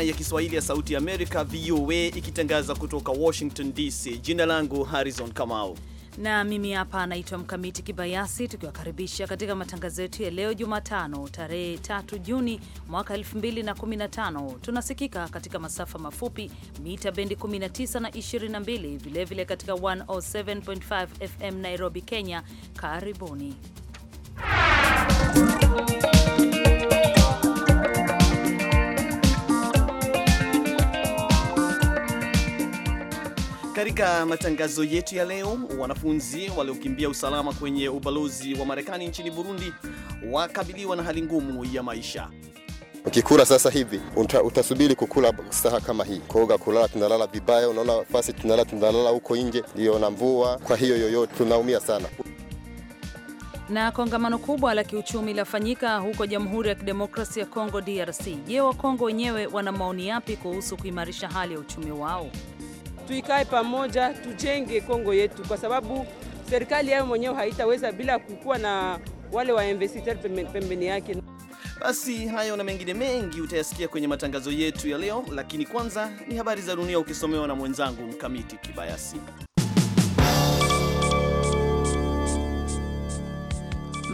idhaa ya Kiswahili ya Sauti Amerika, VOA, ikitangaza kutoka Washington DC. Jina langu Harrison Kamau na mimi hapa anaitwa Mkamiti Kibayasi, tukiwakaribisha katika matangazo yetu ya leo Jumatano tarehe 3 Juni mwaka 2015. Tunasikika katika masafa mafupi mita bendi 19 na 22, vilevile vile katika 107.5 FM Nairobi, Kenya. Karibuni Katika matangazo yetu ya leo, wanafunzi waliokimbia usalama kwenye ubalozi wa Marekani nchini Burundi wakabiliwa na hali ngumu ya maisha. Ukikula sasa hivi uta, utasubiri kukula saha kama hii. Koga kulala, tunalala vibaya, unaona fasi tunalala tunalala huko nje, ndio na mvua. Kwa hiyo yoyote tunaumia sana na kongamano kubwa la kiuchumi lafanyika huko Jamhuri ya Kidemokrasia ya Kongo, DRC. Je, Wakongo wenyewe wana maoni yapi kuhusu kuimarisha hali ya uchumi wao? tuikae pamoja, tujenge Kongo yetu, kwa sababu serikali yao mwenyewe haitaweza bila kukuwa na wale wa investor pembeni yake. Basi hayo na mengine mengi utayasikia kwenye matangazo yetu ya leo, lakini kwanza ni habari za dunia ukisomewa na mwenzangu Mkamiti Kibayasi.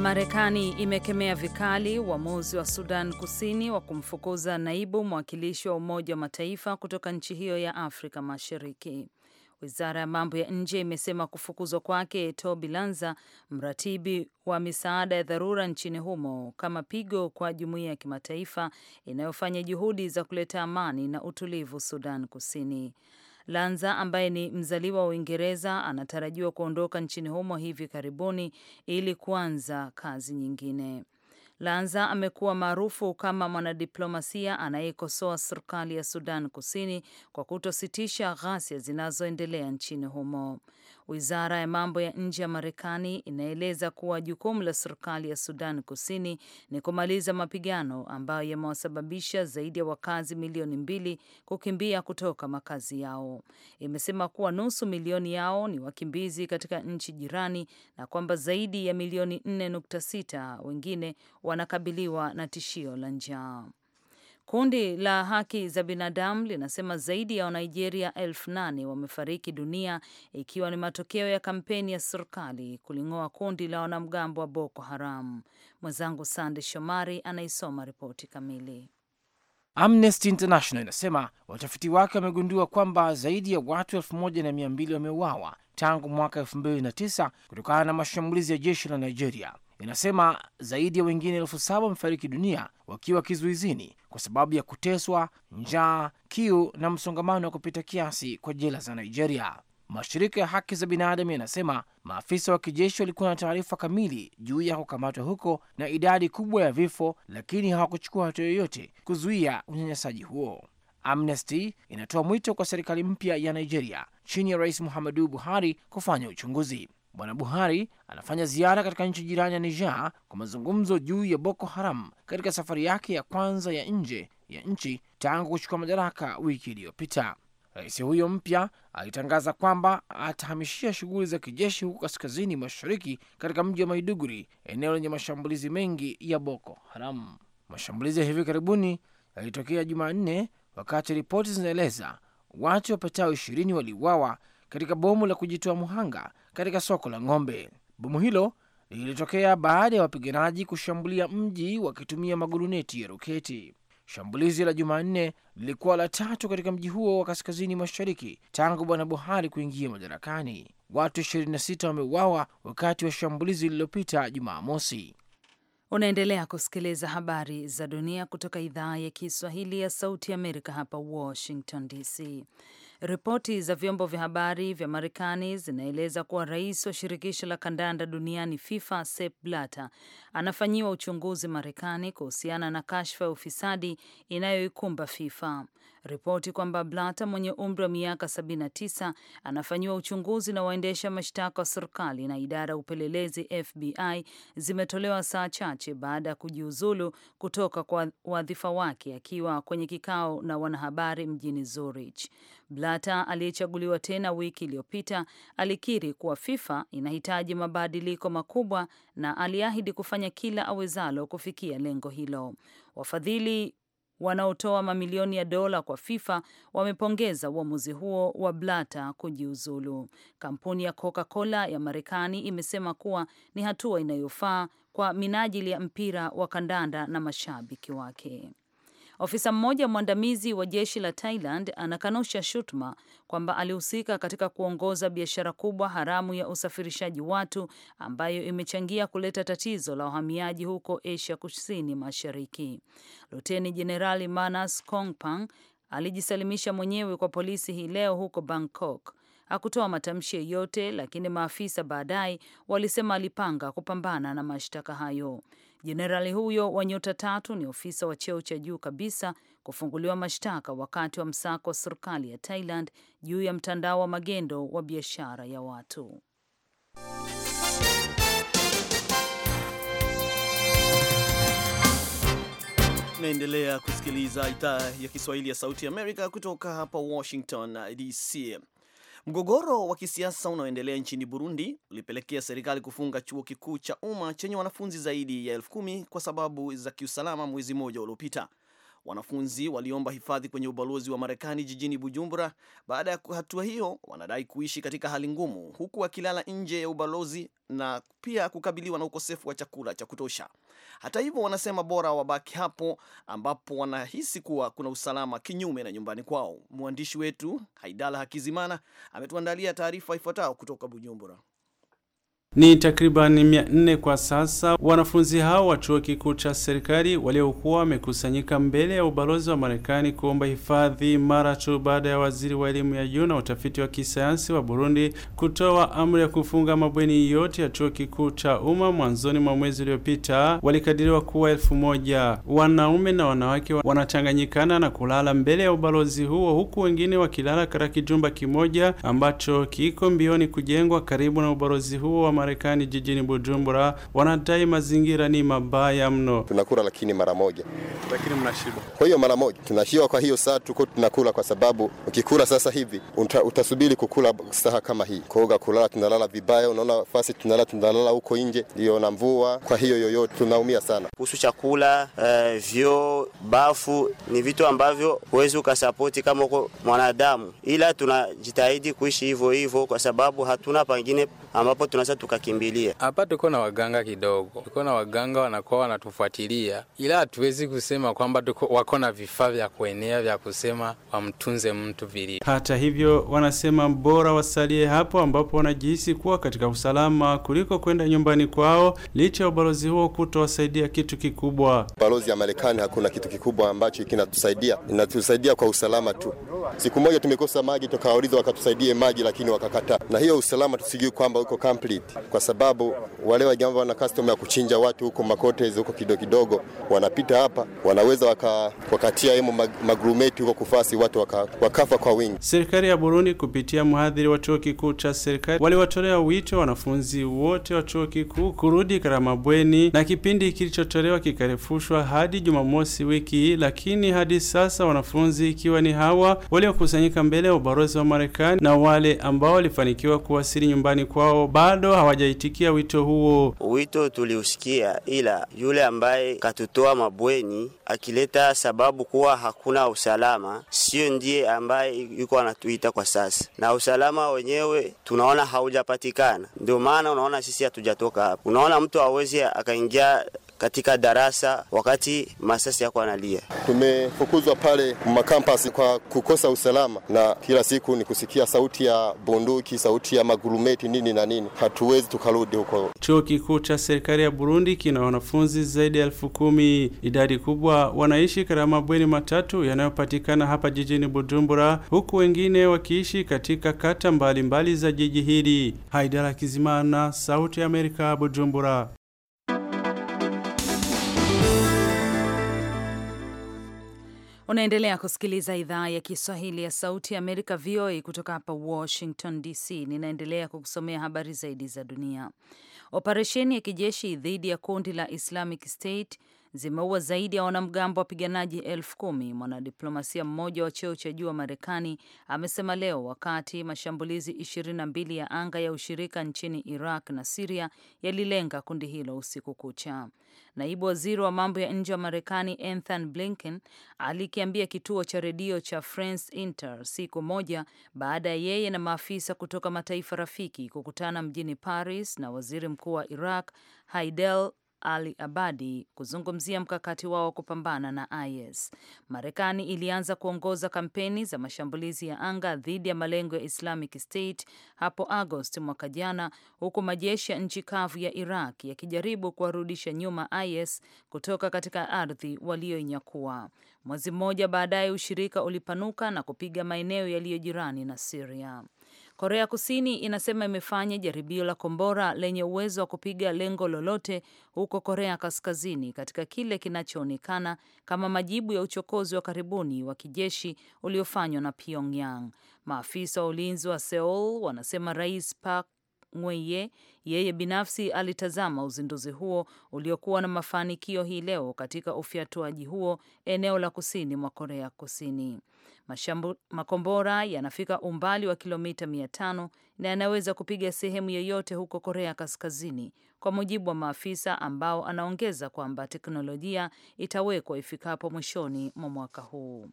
Marekani imekemea vikali uamuzi wa Sudan Kusini wa kumfukuza naibu mwakilishi wa Umoja wa Mataifa kutoka nchi hiyo ya Afrika Mashariki. Wizara ya mambo ya nje imesema kufukuzwa kwake Toby Lanza, mratibi wa misaada ya dharura nchini humo, kama pigo kwa jumuiya ya kimataifa inayofanya juhudi za kuleta amani na utulivu Sudan Kusini. Lanza ambaye ni mzaliwa wa Uingereza anatarajiwa kuondoka nchini humo hivi karibuni ili kuanza kazi nyingine. Lanza amekuwa maarufu kama mwanadiplomasia anayekosoa serikali ya Sudan Kusini kwa kutositisha ghasia zinazoendelea nchini humo. Wizara ya mambo ya nje ya Marekani inaeleza kuwa jukumu la serikali ya Sudan Kusini ni kumaliza mapigano ambayo yamewasababisha zaidi ya wakazi milioni mbili kukimbia kutoka makazi yao. Imesema kuwa nusu milioni yao ni wakimbizi katika nchi jirani na kwamba zaidi ya milioni 4.6 wengine wanakabiliwa na tishio la njaa. Kundi la haki za binadamu linasema zaidi ya Wanigeria elfu nane wamefariki dunia ikiwa ni matokeo ya kampeni ya serikali kuling'oa kundi la wanamgambo wa Boko Haram. Mwenzangu Sande Shomari anaisoma ripoti kamili. Amnesty International inasema watafiti wake wamegundua kwamba zaidi ya watu elfu moja na mia mbili wameuawa tangu mwaka elfu mbili na tisa kutokana na mashambulizi ya jeshi la Nigeria inasema zaidi ya wengine elfu saba wamefariki dunia wakiwa kizuizini kwa sababu ya kuteswa, njaa, kiu na msongamano wa kupita kiasi kwa jela za Nigeria. Mashirika ya haki za binadamu yanasema maafisa wa kijeshi walikuwa na taarifa kamili juu ya kukamatwa huko na idadi kubwa ya vifo, lakini hawakuchukua hatua yoyote kuzuia unyanyasaji huo. Amnesty inatoa mwito kwa serikali mpya ya Nigeria chini ya Rais Muhammadu Buhari kufanya uchunguzi. Bwana Buhari anafanya ziara katika nchi jirani ya Niger kwa mazungumzo juu ya Boko Haram katika safari yake ya kwanza ya nje ya nchi tangu kuchukua madaraka wiki iliyopita. Rais huyo mpya alitangaza kwamba atahamishia shughuli za kijeshi huko kaskazini mashariki katika mji wa Maiduguri, eneo lenye mashambulizi mengi ya Boko Haram. Mashambulizi ya hivi karibuni yalitokea Jumanne, wakati ripoti zinaeleza watu wapatao ishirini waliuawa katika bomu la kujitoa muhanga katika soko la ng'ombe. Bomu hilo lilitokea baada ya wapiganaji kushambulia mji wakitumia maguruneti ya roketi. Shambulizi la Jumanne lilikuwa la tatu katika mji huo wa kaskazini mashariki tangu bwana Buhari kuingia madarakani. Watu 26 wameuawa wakati wa shambulizi lililopita Jumamosi. Unaendelea kusikiliza habari za dunia kutoka idhaa ya Kiswahili ya Sauti ya Amerika hapa Washington DC. Ripoti za vyombo vya habari vya Marekani zinaeleza kuwa rais wa shirikisho la kandanda duniani FIFA Sepp Blatter anafanyiwa uchunguzi Marekani kuhusiana na kashfa ya ufisadi inayoikumba FIFA ripoti kwamba Blata mwenye umri wa miaka 79 anafanyiwa uchunguzi na waendesha mashtaka wa serikali na idara ya upelelezi FBI zimetolewa saa chache baada ya kujiuzulu kutoka kwa wadhifa wake akiwa kwenye kikao na wanahabari mjini Zurich. Blata aliyechaguliwa tena wiki iliyopita alikiri kuwa FIFA inahitaji mabadiliko makubwa na aliahidi kufanya kila awezalo kufikia lengo hilo. Wafadhili wanaotoa mamilioni ya dola kwa FIFA wamepongeza uamuzi huo wa Blata kujiuzulu. Kampuni ya Coca-Cola ya Marekani imesema kuwa ni hatua inayofaa kwa minajili ya mpira wa kandanda na mashabiki wake. Ofisa mmoja mwandamizi wa jeshi la Thailand anakanusha shutuma kwamba alihusika katika kuongoza biashara kubwa haramu ya usafirishaji watu ambayo imechangia kuleta tatizo la uhamiaji huko Asia Kusini Mashariki. Luteni Jenerali Manas Kongpang alijisalimisha mwenyewe kwa polisi hii leo huko Bangkok. Hakutoa matamshi yoyote, lakini maafisa baadaye walisema alipanga kupambana na mashtaka hayo. Jenerali huyo wa nyota tatu ni ofisa wa cheo cha juu kabisa kufunguliwa mashtaka wakati wa msako wa serikali ya Thailand juu ya mtandao wa magendo wa biashara ya watu. Naendelea kusikiliza idhaa ya Kiswahili ya Sauti ya Amerika kutoka hapa Washington DC. Mgogoro wa kisiasa unaoendelea nchini Burundi ulipelekea serikali kufunga chuo kikuu cha umma chenye wanafunzi zaidi ya elfu kumi kwa sababu za kiusalama mwezi mmoja uliopita. Wanafunzi waliomba hifadhi kwenye ubalozi wa Marekani jijini Bujumbura. Baada ya hatua hiyo, wanadai kuishi katika hali ngumu, huku wakilala nje ya ubalozi na pia kukabiliwa na ukosefu wa chakula cha kutosha. Hata hivyo, wanasema bora wabaki hapo ambapo wanahisi kuwa kuna usalama, kinyume na nyumbani kwao. Mwandishi wetu Haidala Hakizimana ametuandalia taarifa ifuatayo kutoka Bujumbura ni takribani mia nne kwa sasa. Wanafunzi hao wa chuo kikuu cha serikali waliokuwa wamekusanyika mbele ya ubalozi wa Marekani kuomba hifadhi mara tu baada ya waziri wa elimu ya juu na utafiti wa kisayansi wa Burundi kutoa amri ya kufunga mabweni yote ya chuo kikuu cha umma mwanzoni mwa mwezi uliopita, walikadiriwa kuwa elfu moja. Wanaume na wanawake wanachanganyikana na kulala mbele ya ubalozi huo, huku wengine wakilala katika kijumba kimoja ambacho kiko mbioni kujengwa karibu na ubalozi huo wa Marekani jijini Bujumbura wanadai mazingira ni mabaya mno. Tunakula lakini mara moja, lakini mnashiba. Kwa hiyo mara moja tunashiba, kwa hiyo saa tuko tunakula, kwa sababu ukikula sasa hivi unta, utasubiri kukula saha kama hii. Kwa kulala tunalala vibaya, unaona fasi tunalala tunalala huko nje, ndio na mvua. Kwa hiyo yoyote tunaumia sana. Kuhusu chakula, uh, vyoo, bafu ni vitu ambavyo huwezi ukasapoti kama uko mwanadamu, ila tunajitahidi kuishi hivyo hivyo kwa sababu hatuna pangine ambapo tunaweza tukakimbilia. Hapa tuko na waganga kidogo, tuko na waganga wanakuwa wanatufuatilia, ila hatuwezi kusema kwamba wako na vifaa vya kuenea vya kusema wamtunze mtu vilivyo. Hata hivyo, wanasema bora wasalie hapo ambapo wanajihisi kuwa katika usalama kuliko kwenda nyumbani kwao, licha ya ubalozi huo kutowasaidia kitu kikubwa. Balozi ya Marekani hakuna kitu kikubwa ambacho kinatusaidia, inatusaidia kwa usalama tu. Siku moja tumekosa maji, tukawauliza wakatusaidie maji, lakini wakakataa, na hiyo usalama tusijui kwamba huko complete, kwa sababu wale wajamba wana customer ya kuchinja watu huko makote huko kidogo kidogo, wanapita hapa, wanaweza waka, wakatia hemo magrumeti huko kufasi watu waka, wakafa kwa wingi. Serikali ya Burundi kupitia mhadhiri wa chuo kikuu cha serikali waliwatolea wito wanafunzi wote wa chuo kikuu kurudi Karamabweni na kipindi kilichotolewa kikarefushwa hadi Jumamosi wiki hii, lakini hadi sasa wanafunzi ikiwa ni hawa waliokusanyika mbele ya ubalozi wa Marekani na wale ambao walifanikiwa kuwasili nyumbani kwao ambao bado hawajaitikia wito huo. Wito tuliusikia, ila yule ambaye katutoa mabweni akileta sababu kuwa hakuna usalama, sio ndiye ambaye yuko anatuita kwa sasa, na usalama wenyewe tunaona haujapatikana. Ndio maana unaona sisi hatujatoka hapa. Unaona mtu awezi akaingia katika darasa wakati masasi yako analia. Tumefukuzwa pale makampasi kwa kukosa usalama, na kila siku ni kusikia sauti ya bunduki, sauti ya magurumeti, nini na nini. Hatuwezi tukarudi huko. Chuo kikuu cha serikali ya Burundi kina wanafunzi zaidi ya elfu kumi. Idadi kubwa wanaishi katika mabweni matatu yanayopatikana hapa jijini Bujumbura, huku wengine wakiishi katika kata mbalimbali mbali za jiji hili. Haidara Kizimana, Sauti ya Amerika, Bujumbura. Unaendelea kusikiliza idhaa ya Kiswahili ya Sauti ya Amerika, VOA, kutoka hapa Washington DC. Ninaendelea kukusomea habari zaidi za dunia. Operesheni ya kijeshi dhidi ya kundi la Islamic State zimeua zaidi ya wanamgambo wapiganaji elfu kumi. Mwanadiplomasia mmoja wa cheo cha juu wa Marekani amesema leo, wakati mashambulizi ishirini na mbili ya anga ya ushirika nchini Iraq na Siria yalilenga kundi hilo usiku kucha. Naibu waziri wa mambo ya nje wa Marekani Anthony Blinken alikiambia kituo cha redio cha France Inter siku moja baada ya yeye na maafisa kutoka mataifa rafiki kukutana mjini Paris na waziri mkuu wa Iraq Haidel ali Abadi kuzungumzia mkakati wao wa kupambana na IS. Marekani ilianza kuongoza kampeni za mashambulizi ya anga dhidi ya malengo ya Islamic State hapo Agosti mwaka jana, huku majeshi ya nchi kavu ya Iraq yakijaribu kuwarudisha nyuma IS kutoka katika ardhi walioinyakua. Mwezi mmoja baadaye, ushirika ulipanuka na kupiga maeneo yaliyo jirani na Syria. Korea Kusini inasema imefanya jaribio la kombora lenye uwezo wa kupiga lengo lolote huko Korea Kaskazini katika kile kinachoonekana kama majibu ya uchokozi wa karibuni wa kijeshi uliofanywa na Pyongyang. Maafisa wa ulinzi wa Seoul wanasema Rais Park Mweye yeye binafsi alitazama uzinduzi huo uliokuwa na mafanikio hii leo katika ufyatuaji huo eneo la kusini mwa Korea Kusini. Mashambu, makombora yanafika umbali wa kilomita mia tano na yanaweza kupiga sehemu yoyote huko Korea Kaskazini, kwa mujibu wa maafisa ambao anaongeza kwamba teknolojia itawekwa ifikapo mwishoni mwa mwaka huu.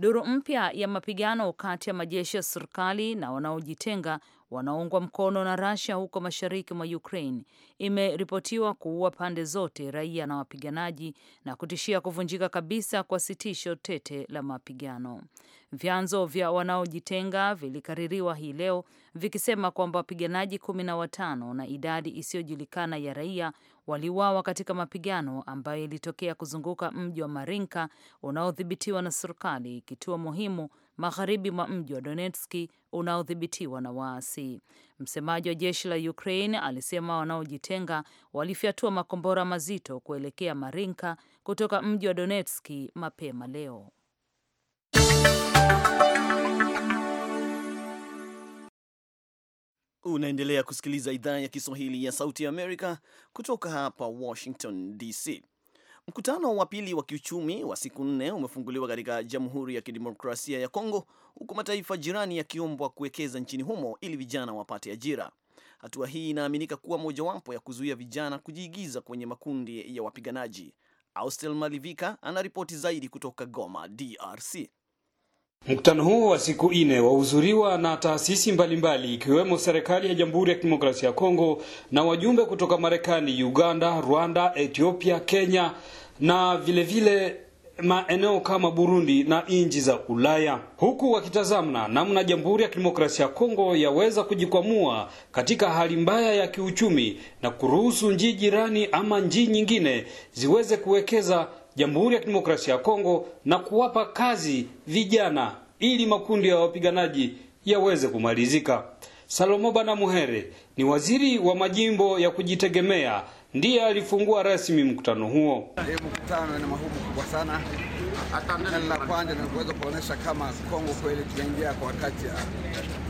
Duru mpya ya mapigano kati ya majeshi ya serikali na wanaojitenga wanaoungwa mkono na Russia huko mashariki mwa Ukraine imeripotiwa kuua pande zote raia na wapiganaji na kutishia kuvunjika kabisa kwa sitisho tete la mapigano. Vyanzo vya wanaojitenga vilikaririwa hii leo vikisema kwamba wapiganaji kumi na watano na idadi isiyojulikana ya raia waliuawa katika mapigano ambayo ilitokea kuzunguka mji wa Marinka unaodhibitiwa na serikali, kituo muhimu magharibi mwa mji wa Donetski unaodhibitiwa na waasi. Msemaji wa jeshi la Ukraine alisema wanaojitenga walifyatua makombora mazito kuelekea Marinka kutoka mji wa Donetski mapema leo. Unaendelea kusikiliza idhaa ya Kiswahili ya Sauti Amerika kutoka hapa Washington DC. Mkutano wa pili wa kiuchumi wa siku nne umefunguliwa katika Jamhuri ya Kidemokrasia ya Kongo, huku mataifa jirani yakiombwa kuwekeza nchini humo ili vijana wapate ajira. Hatua hii inaaminika kuwa mojawapo ya kuzuia vijana kujiingiza kwenye makundi ya wapiganaji. Austel Malivika anaripoti zaidi kutoka Goma, DRC. Mkutano huo wa siku nne wahudhuriwa na taasisi mbalimbali ikiwemo serikali ya Jamhuri ya Kidemokrasia ya Kongo na wajumbe kutoka Marekani, Uganda, Rwanda, Ethiopia, Kenya na vilevile vile maeneo kama Burundi na nchi za Ulaya, huku wakitazamna namna Jamhuri ya Kidemokrasia ya Kongo yaweza kujikwamua katika hali mbaya ya kiuchumi na kuruhusu nchi jirani ama nchi nyingine ziweze kuwekeza Jamhuri ya Kidemokrasia ya Kongo na kuwapa kazi vijana ili makundi ya wapiganaji yaweze kumalizika. Salomo Banamuhere ni waziri wa majimbo ya kujitegemea, ndiye alifungua rasmi mkutano huo. Hii mkutano ni mahubu kubwa sana. La kwanza ni kuweza kuonyesha kama Kongo kweli tunaingia kwa wakati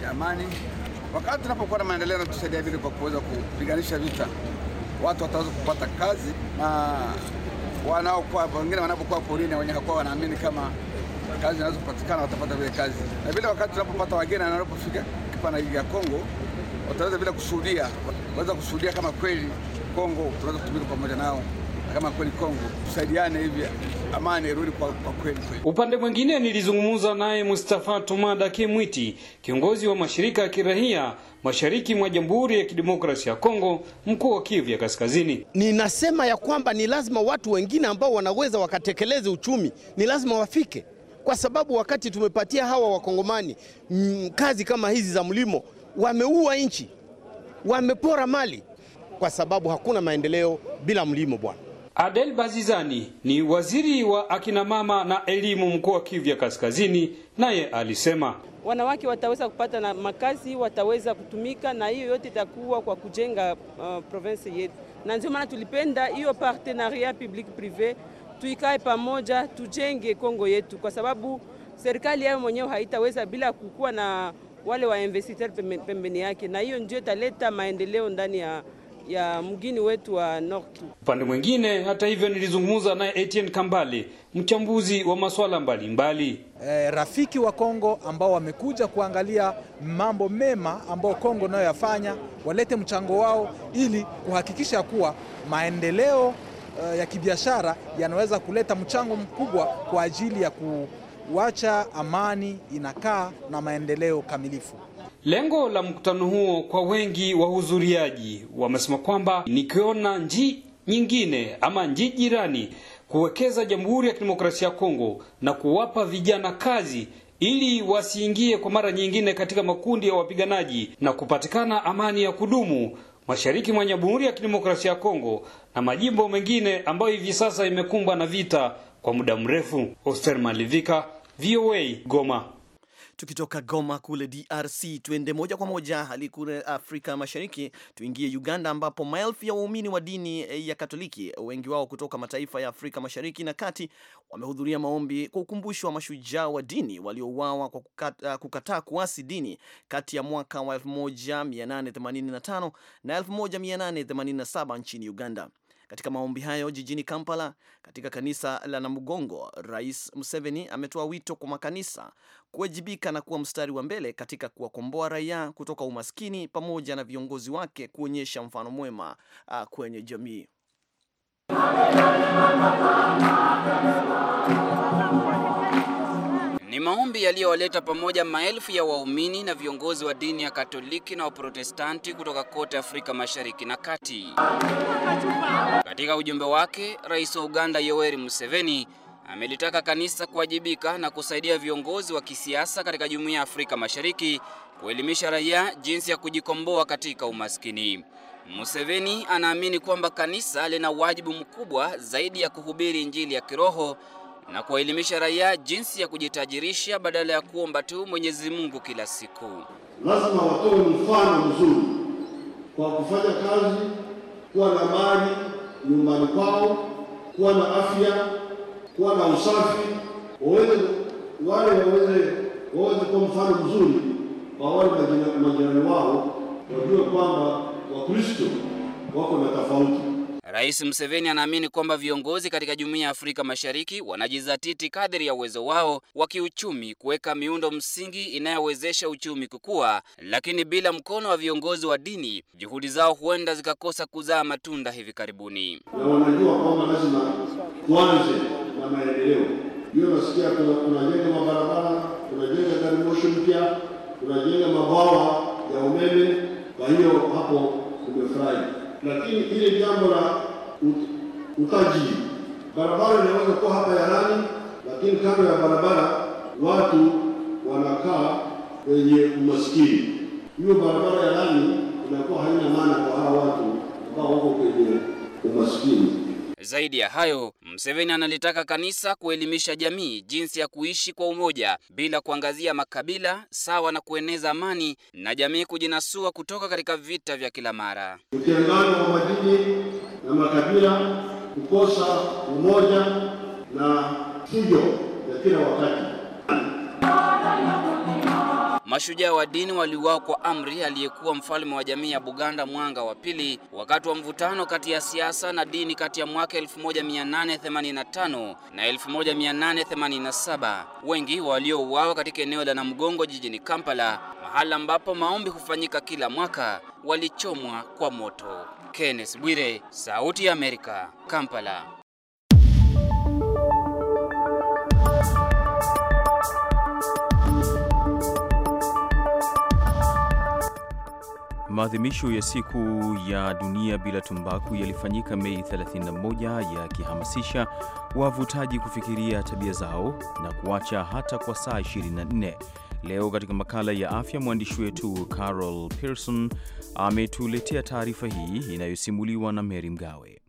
ya amani. Wakati tunapokuwa na maendeleo tusaidia vile kwa kuweza kupiganisha vita, watu wataweza kupata kazi na wanaokuwa wengine wanapokuwa porini wenye hakuwa wanaamini kama kazi zinazopatikana watapata vile kazi, na vile wakati tunapopata wageni wanapofika kipana ya Kongo wataweza bila kushuhudia, waweza kushuhudia kama kweli Kongo tunaweza kutumika pamoja nao kama kweli Kongo tusaidiane hivi amani irudi kwa, kwa kweli kweli. Upande mwingine nilizungumza naye Mustafa Tumada Kimwiti, kiongozi wa mashirika ya kiraia mashariki mwa Jamhuri ya Kidemokrasia ya Kongo, mkuu wa Kivu ya Kaskazini. Ninasema ya kwamba ni lazima watu wengine ambao wanaweza wakatekeleze uchumi ni lazima wafike, kwa sababu wakati tumepatia hawa wakongomani mm, kazi kama hizi za mlimo, wameua nchi, wamepora mali, kwa sababu hakuna maendeleo bila mlimo bwana. Adel Bazizani ni waziri wa akinamama na elimu mkoa wa Kivu ya Kaskazini, naye alisema wanawake wataweza kupata na makazi, wataweza kutumika, na hiyo yote itakuwa kwa kujenga uh, province yetu, na ndio maana tulipenda hiyo partenariat public privé, tuikae pamoja, tujenge Kongo yetu, kwa sababu serikali yayo mwenyewe haitaweza bila kukuwa na wale wa investiteur pembeni yake, na hiyo ndio italeta maendeleo ndani ya ya mgini wetu wa Nord Upande mwingine, hata hivyo, nilizungumza naye Etienne Kambale, mchambuzi wa masuala mbalimbali E, rafiki wa Kongo ambao wamekuja kuangalia mambo mema ambao Kongo nayo yafanya, walete mchango wao ili kuhakikisha kuwa maendeleo e, ya kibiashara yanaweza kuleta mchango mkubwa kwa ajili ya kuwacha amani inakaa na maendeleo kamilifu. Lengo la mkutano huo kwa wengi wahudhuriaji wamesema kwamba nikiona nji nyingine ama nji jirani kuwekeza Jamhuri ya Kidemokrasia ya Kongo na kuwapa vijana kazi ili wasiingie kwa mara nyingine katika makundi ya wapiganaji na kupatikana amani ya kudumu mashariki mwa Jamhuri ya Kidemokrasia ya Kongo na majimbo mengine ambayo hivi sasa imekumbwa na vita kwa muda mrefu. Oster Malivika, VOA, Goma. Tukitoka Goma kule DRC, tuende moja kwa moja hadi kule Afrika Mashariki, tuingie Uganda, ambapo maelfu ya waumini wa dini eh, ya Katoliki, wengi wao kutoka mataifa ya Afrika Mashariki na Kati, wamehudhuria maombi kwa ukumbusho wa mashujaa wa dini waliouawa kwa eh, kukataa kuasi dini kati ya mwaka wa 1885 na 1887 nchini Uganda. Katika maombi hayo jijini Kampala, katika kanisa la Namugongo, Rais Museveni ametoa wito kwa makanisa kuwajibika na kuwa mstari wa mbele katika kuwakomboa raia kutoka umaskini pamoja na viongozi wake kuonyesha mfano mwema ah, kwenye jamii. Ni maombi yaliyowaleta pamoja maelfu ya waumini na viongozi wa dini ya Katoliki na Waprotestanti kutoka kote Afrika Mashariki na Kati. Katika ujumbe wake, Rais wa Uganda Yoweri Museveni amelitaka kanisa kuwajibika na kusaidia viongozi wa kisiasa katika Jumuiya ya Afrika Mashariki kuelimisha raia jinsi ya kujikomboa katika umaskini. Museveni anaamini kwamba kanisa lina wajibu mkubwa zaidi ya kuhubiri Injili ya kiroho na kuwaelimisha raia jinsi ya kujitajirisha badala ya kuomba tu Mwenyezi Mungu kila siku. Lazima watoe mfano mzuri kwa kufanya kazi, kuwa na mali nyumbani kwao, kuwa na afya, kuwa na usafi, waweze wale waweze waweze kuwa mfano mzuri kwa wale majirani wao, wajue kwamba Wakristo wako na tofauti Rais Museveni anaamini kwamba viongozi katika Jumuiya ya Afrika Mashariki wanajizatiti kadri ya uwezo wao wa kiuchumi kuweka miundo msingi inayowezesha uchumi kukua, lakini bila mkono wa viongozi wa dini, juhudi zao huenda zikakosa kuzaa matunda hivi karibuni. Na wanajua kwamba lazima tuanze na maendeleo. Hiyo nasikia tunajenga mabarabara, tunajenga garimoshi mpya, tunajenga mabwawa ya umeme. Kwa hiyo hapo lakini ile jambo la utajiri, barabara inaweza kuwa hapa ya lami, lakini kando ya barabara watu wanakaa wenye umaskini, hiyo barabara ya lami inakuwa haina maana kwa hawa watu ambao wako kwenye umaskini. Zaidi ya hayo, Museveni analitaka kanisa kuelimisha jamii jinsi ya kuishi kwa umoja bila kuangazia makabila, sawa na kueneza amani na jamii kujinasua kutoka katika vita vya kila mara, utengano wa madini na makabila, kukosa umoja na fujo ya kila wakati. Mashujaa wa dini waliuawa kwa amri aliyekuwa mfalme wa jamii ya Buganda Mwanga wa Pili wakati wa mvutano kati ya siasa na dini kati ya mwaka 1885 na 1887. Wengi waliouawa katika eneo la Namugongo jijini Kampala, mahala ambapo maombi hufanyika kila mwaka, walichomwa kwa moto. Kenneth Bwire, Sauti ya Amerika, Kampala. Maadhimisho ya siku ya dunia bila tumbaku yalifanyika Mei 31 yakihamasisha wavutaji kufikiria tabia zao na kuacha hata kwa saa 24. Leo katika makala ya afya, mwandishi wetu Carol Pearson ametuletea taarifa hii inayosimuliwa na Mary Mgawe.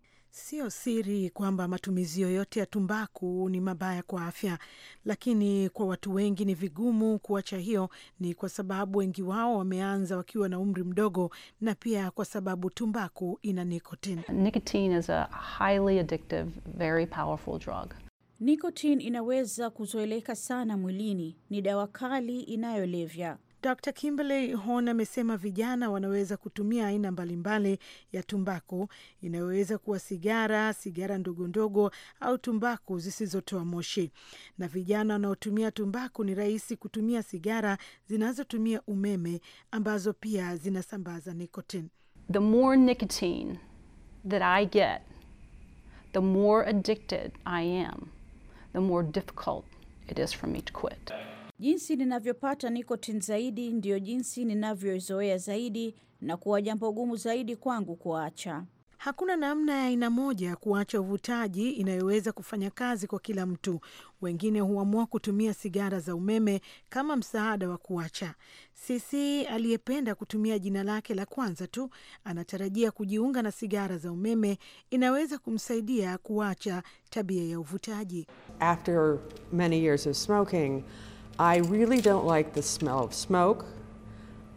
Sio siri kwamba matumizi yoyote ya tumbaku ni mabaya kwa afya, lakini kwa watu wengi ni vigumu kuacha. Hiyo ni kwa sababu wengi wao wameanza wakiwa na umri mdogo, na pia kwa sababu tumbaku ina nikotini. Nicotine is a highly addictive, very powerful drug. Nikotini inaweza kuzoeleka sana mwilini, ni dawa kali inayolevya. Dr kimberly Horn amesema vijana wanaweza kutumia aina mbalimbali ya tumbaku inayoweza kuwa sigara, sigara ndogo ndogo au tumbaku zisizotoa moshi, na vijana wanaotumia tumbaku ni rahisi kutumia sigara zinazotumia umeme ambazo pia zinasambaza nikotini. The more nicotine that I get, the more addicted I am, the more difficult it is for me to quit. Jinsi ninavyopata nikotin zaidi ndiyo jinsi ninavyozoea zaidi na kuwa jambo gumu zaidi kwangu kuacha. Hakuna namna ya aina moja ya kuacha uvutaji inayoweza kufanya kazi kwa kila mtu. Wengine huamua kutumia sigara za umeme kama msaada wa kuacha. Sisi aliyependa kutumia jina lake la kwanza tu anatarajia kujiunga na sigara za umeme inaweza kumsaidia kuacha tabia ya uvutaji. After many years of smoking, I really don't like the smell of smoke.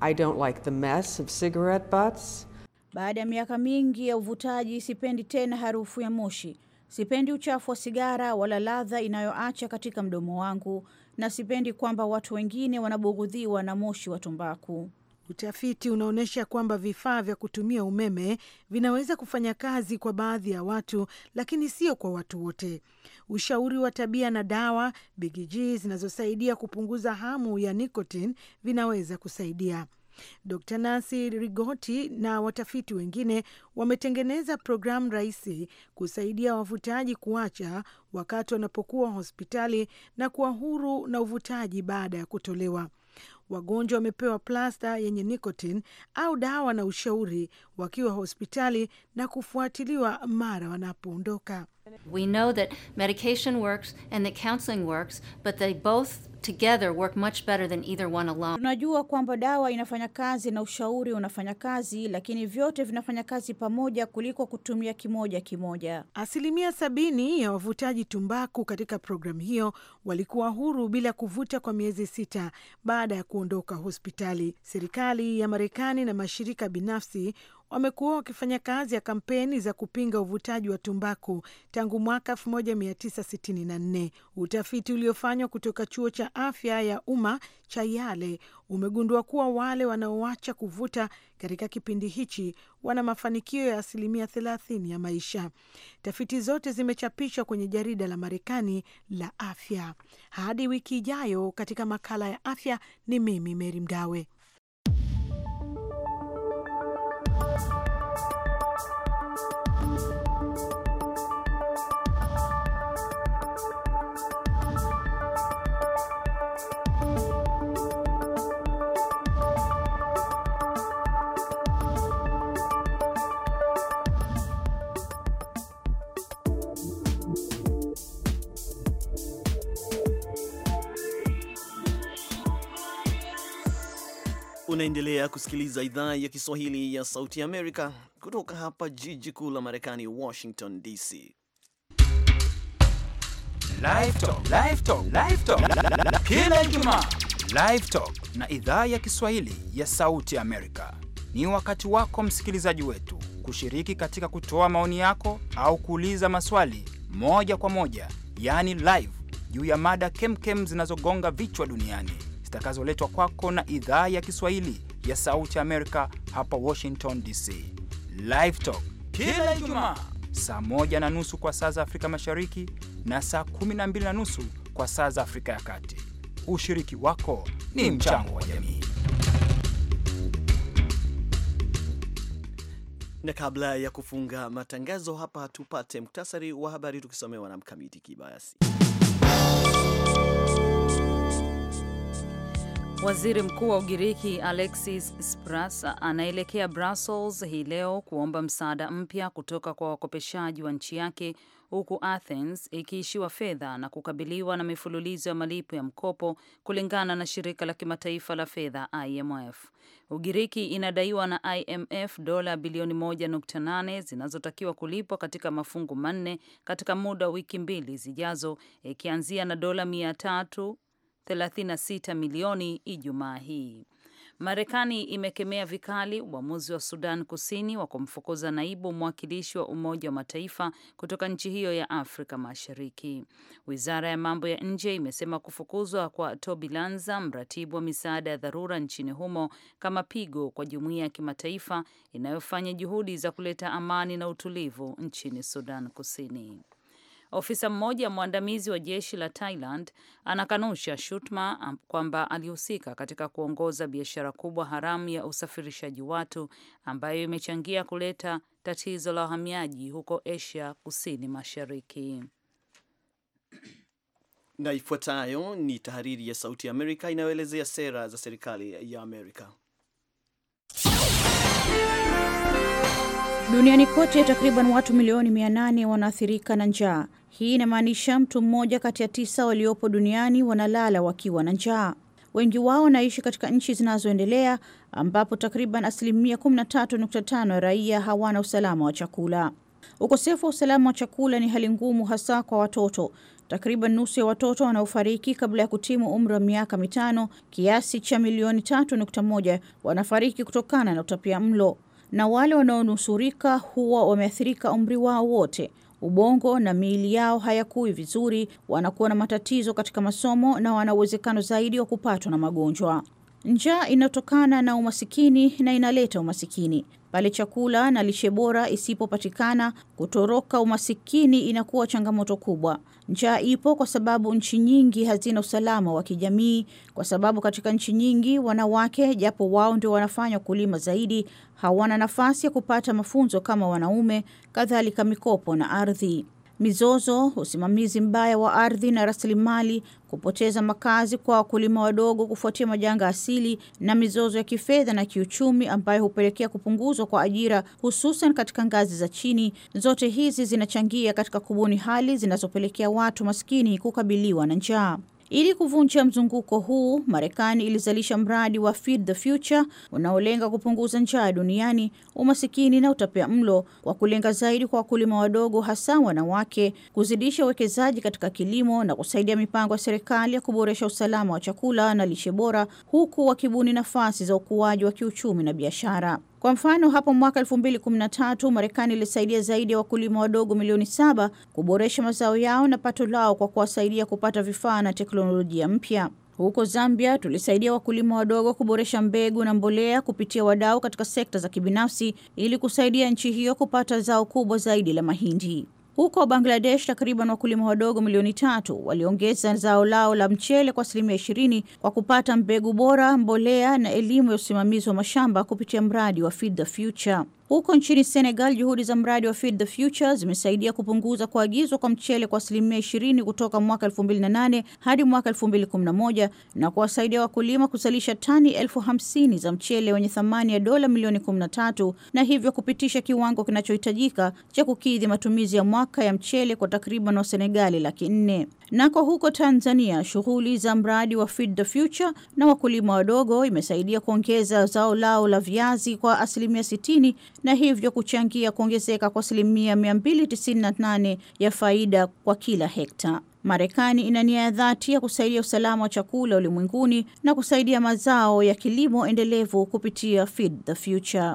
I don't like the mess of cigarette butts. Baada ya miaka mingi ya uvutaji, sipendi tena harufu ya moshi. Sipendi uchafu wa sigara wala ladha inayoacha katika mdomo wangu, na sipendi kwamba watu wengine wanabughudhiwa na moshi wa tumbaku. Utafiti unaonyesha kwamba vifaa vya kutumia umeme vinaweza kufanya kazi kwa baadhi ya watu, lakini sio kwa watu wote. Ushauri wa tabia na dawa, bigijii zinazosaidia kupunguza hamu ya nikotini vinaweza kusaidia. Dr Nancy Rigoti na watafiti wengine wametengeneza programu rahisi kusaidia wavutaji kuacha wakati wanapokuwa hospitali na kuwa huru na uvutaji baada ya kutolewa. Wagonjwa wamepewa plasta yenye nikotin au dawa na ushauri wakiwa hospitali na kufuatiliwa mara wanapoondoka. We know that medication works and that counseling works, but they both together work much better than either one alone. Tunajua kwamba dawa inafanya kazi na ushauri unafanya kazi, lakini vyote vinafanya kazi pamoja kuliko kutumia kimoja kimoja. Asilimia sabini ya wavutaji tumbaku katika programu hiyo walikuwa huru bila kuvuta kwa miezi sita baada ya kuondoka hospitali. Serikali ya Marekani na mashirika binafsi wamekuwa wakifanya kazi ya kampeni za kupinga uvutaji wa tumbaku tangu mwaka 1964. Utafiti uliofanywa kutoka chuo cha afya ya umma cha Yale umegundua kuwa wale wanaoacha kuvuta katika kipindi hichi wana mafanikio ya asilimia 30 ya maisha. Tafiti zote zimechapishwa kwenye jarida la Marekani la afya. Hadi wiki ijayo katika makala ya afya, ni mimi Meri Mgawe. Bye. Unaendelea kusikiliza idhaa ya Kiswahili ya Sauti Amerika kutoka hapa jiji kuu la Marekani, Washington DC. Kila Ijumaa Live Talk na idhaa ya Kiswahili ya Sauti Amerika ni wakati wako msikilizaji wetu kushiriki katika kutoa maoni yako au kuuliza maswali moja kwa moja, yaani live, juu ya mada kemkem zinazogonga vichwa duniani zitakazoletwa kwako na idhaa ya Kiswahili ya Sauti Amerika hapa Washington DC. Live Talk kila Ijumaa saa moja na nusu kwa saa za Afrika Mashariki na saa kumi na mbili na nusu kwa saa za Afrika ya Kati. Ushiriki wako ni mchango wa jamii. Na kabla ya kufunga matangazo hapa, tupate muktasari wa habari tukisomewa na Mkamiti Kibayasi. Waziri Mkuu wa Ugiriki Alexis Tsipras anaelekea Brussels hii leo kuomba msaada mpya kutoka kwa wakopeshaji wa nchi yake huku Athens ikiishiwa fedha na kukabiliwa na mifululizo ya malipo ya mkopo kulingana na shirika la kimataifa la fedha IMF. Ugiriki inadaiwa na IMF dola bilioni 1.8 zinazotakiwa kulipwa katika mafungu manne katika muda wa wiki mbili zijazo, ikianzia na dola mia tatu 36 milioni Ijumaa hii. Marekani imekemea vikali uamuzi wa Sudan Kusini wa kumfukuza naibu mwakilishi wa Umoja wa Mataifa kutoka nchi hiyo ya Afrika Mashariki. Wizara ya mambo ya nje imesema kufukuzwa kwa Toby Lanza, mratibu wa misaada ya dharura nchini humo, kama pigo kwa jumuiya ya kimataifa inayofanya juhudi za kuleta amani na utulivu nchini Sudan Kusini. Ofisa mmoja mwandamizi wa jeshi la Thailand anakanusha shutuma kwamba alihusika katika kuongoza biashara kubwa haramu ya usafirishaji watu ambayo imechangia kuleta tatizo la wahamiaji huko Asia Kusini Mashariki. Na ifuatayo ni tahariri ya Sauti ya Amerika inayoelezea sera za serikali ya Amerika. Duniani kote takriban watu milioni 800 wanaathirika na njaa hii inamaanisha mtu mmoja kati ya tisa waliopo duniani wanalala wakiwa na njaa. Wengi wao wanaishi katika nchi zinazoendelea ambapo takriban asilimia 13.5 ya raia hawana usalama wa chakula. Ukosefu wa usalama wa chakula ni hali ngumu, hasa kwa watoto. Takriban nusu ya watoto wanaofariki kabla ya kutimu umri wa miaka mitano, kiasi cha milioni 3.1 wanafariki kutokana na utapia mlo, na wale wanaonusurika huwa wameathirika umri wao wote ubongo na miili yao hayakui vizuri, wanakuwa na matatizo katika masomo na wana uwezekano zaidi wa kupatwa na magonjwa. Njaa inatokana na umasikini na inaleta umasikini pale chakula na lishe bora isipopatikana, kutoroka umasikini inakuwa changamoto kubwa. Njaa ipo kwa sababu nchi nyingi hazina usalama wa kijamii, kwa sababu katika nchi nyingi wanawake, japo wao ndio wanafanya kulima zaidi, hawana nafasi ya kupata mafunzo kama wanaume, kadhalika mikopo na ardhi mizozo, usimamizi mbaya wa ardhi na rasilimali, kupoteza makazi kwa wakulima wadogo kufuatia majanga asili na mizozo ya kifedha na kiuchumi ambayo hupelekea kupunguzwa kwa ajira hususan katika ngazi za chini. Zote hizi zinachangia katika kubuni hali zinazopelekea watu maskini kukabiliwa na njaa. Ili kuvunja mzunguko huu, Marekani ilizalisha mradi wa Feed the Future unaolenga kupunguza njaa duniani, umasikini na utapia mlo kwa kulenga zaidi kwa wakulima wadogo, hasa wanawake, kuzidisha uwekezaji katika kilimo na kusaidia mipango ya serikali ya kuboresha usalama wa chakula na lishe bora, huku wakibuni nafasi za ukuaji wa kiuchumi na biashara. Kwa mfano, hapo mwaka 2013 Marekani ilisaidia zaidi ya wakulima wadogo milioni saba kuboresha mazao yao na pato lao kwa kuwasaidia kupata vifaa na teknolojia mpya. Huko Zambia tulisaidia wakulima wadogo kuboresha mbegu na mbolea kupitia wadau katika sekta za kibinafsi ili kusaidia nchi hiyo kupata zao kubwa zaidi la mahindi. Huko Bangladesh, takriban wakulima wadogo milioni tatu waliongeza zao lao la mchele kwa asilimia ishirini kwa kupata mbegu bora, mbolea na elimu ya usimamizi wa mashamba kupitia mradi wa Feed the Future. Huko nchini Senegal, juhudi za mradi wa Feed the Future zimesaidia kupunguza kuagizwa kwa mchele kwa asilimia ishirini kutoka mwaka 2008 hadi mwaka 2011 na kuwasaidia wakulima kuzalisha tani elfu hamsini za mchele wenye thamani ya dola milioni 13 na hivyo kupitisha kiwango kinachohitajika cha kukidhi matumizi ya mwaka ya mchele kwa takriban Wasenegali laki nne. Nako huko Tanzania, shughuli za mradi wa Feed the Future na wakulima wadogo imesaidia kuongeza zao lao la viazi kwa asilimia 60 na hivyo kuchangia kuongezeka kwa asilimia 298 ya faida kwa kila hekta. Marekani ina nia ya dhati ya kusaidia usalama wa chakula ulimwenguni na kusaidia mazao ya kilimo endelevu kupitia Feed the Future.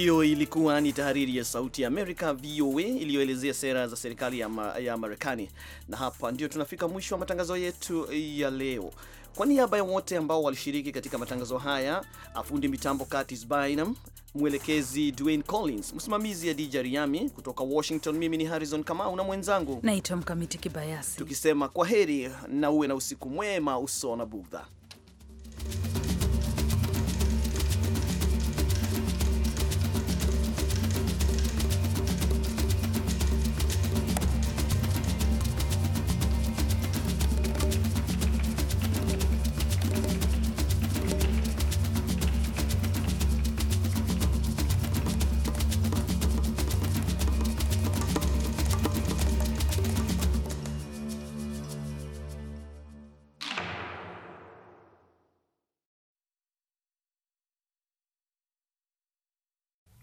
Hiyo ilikuwa ni tahariri ya Sauti ya Amerika, VOA, iliyoelezea sera za serikali ya, ma ya Marekani. Na hapa ndio tunafika mwisho wa matangazo yetu ya leo. Kwa niaba ya wote ambao walishiriki katika matangazo haya, afundi mitambo Curtis Bynum, mwelekezi Dwayne Collins, msimamizi ya Dija Riami kutoka Washington, mimi ni Harrison Kamau na mwenzangu naitwa Mkamiti Kibayasi, tukisema kwa heri na uwe na usiku mwema usio na bugdha.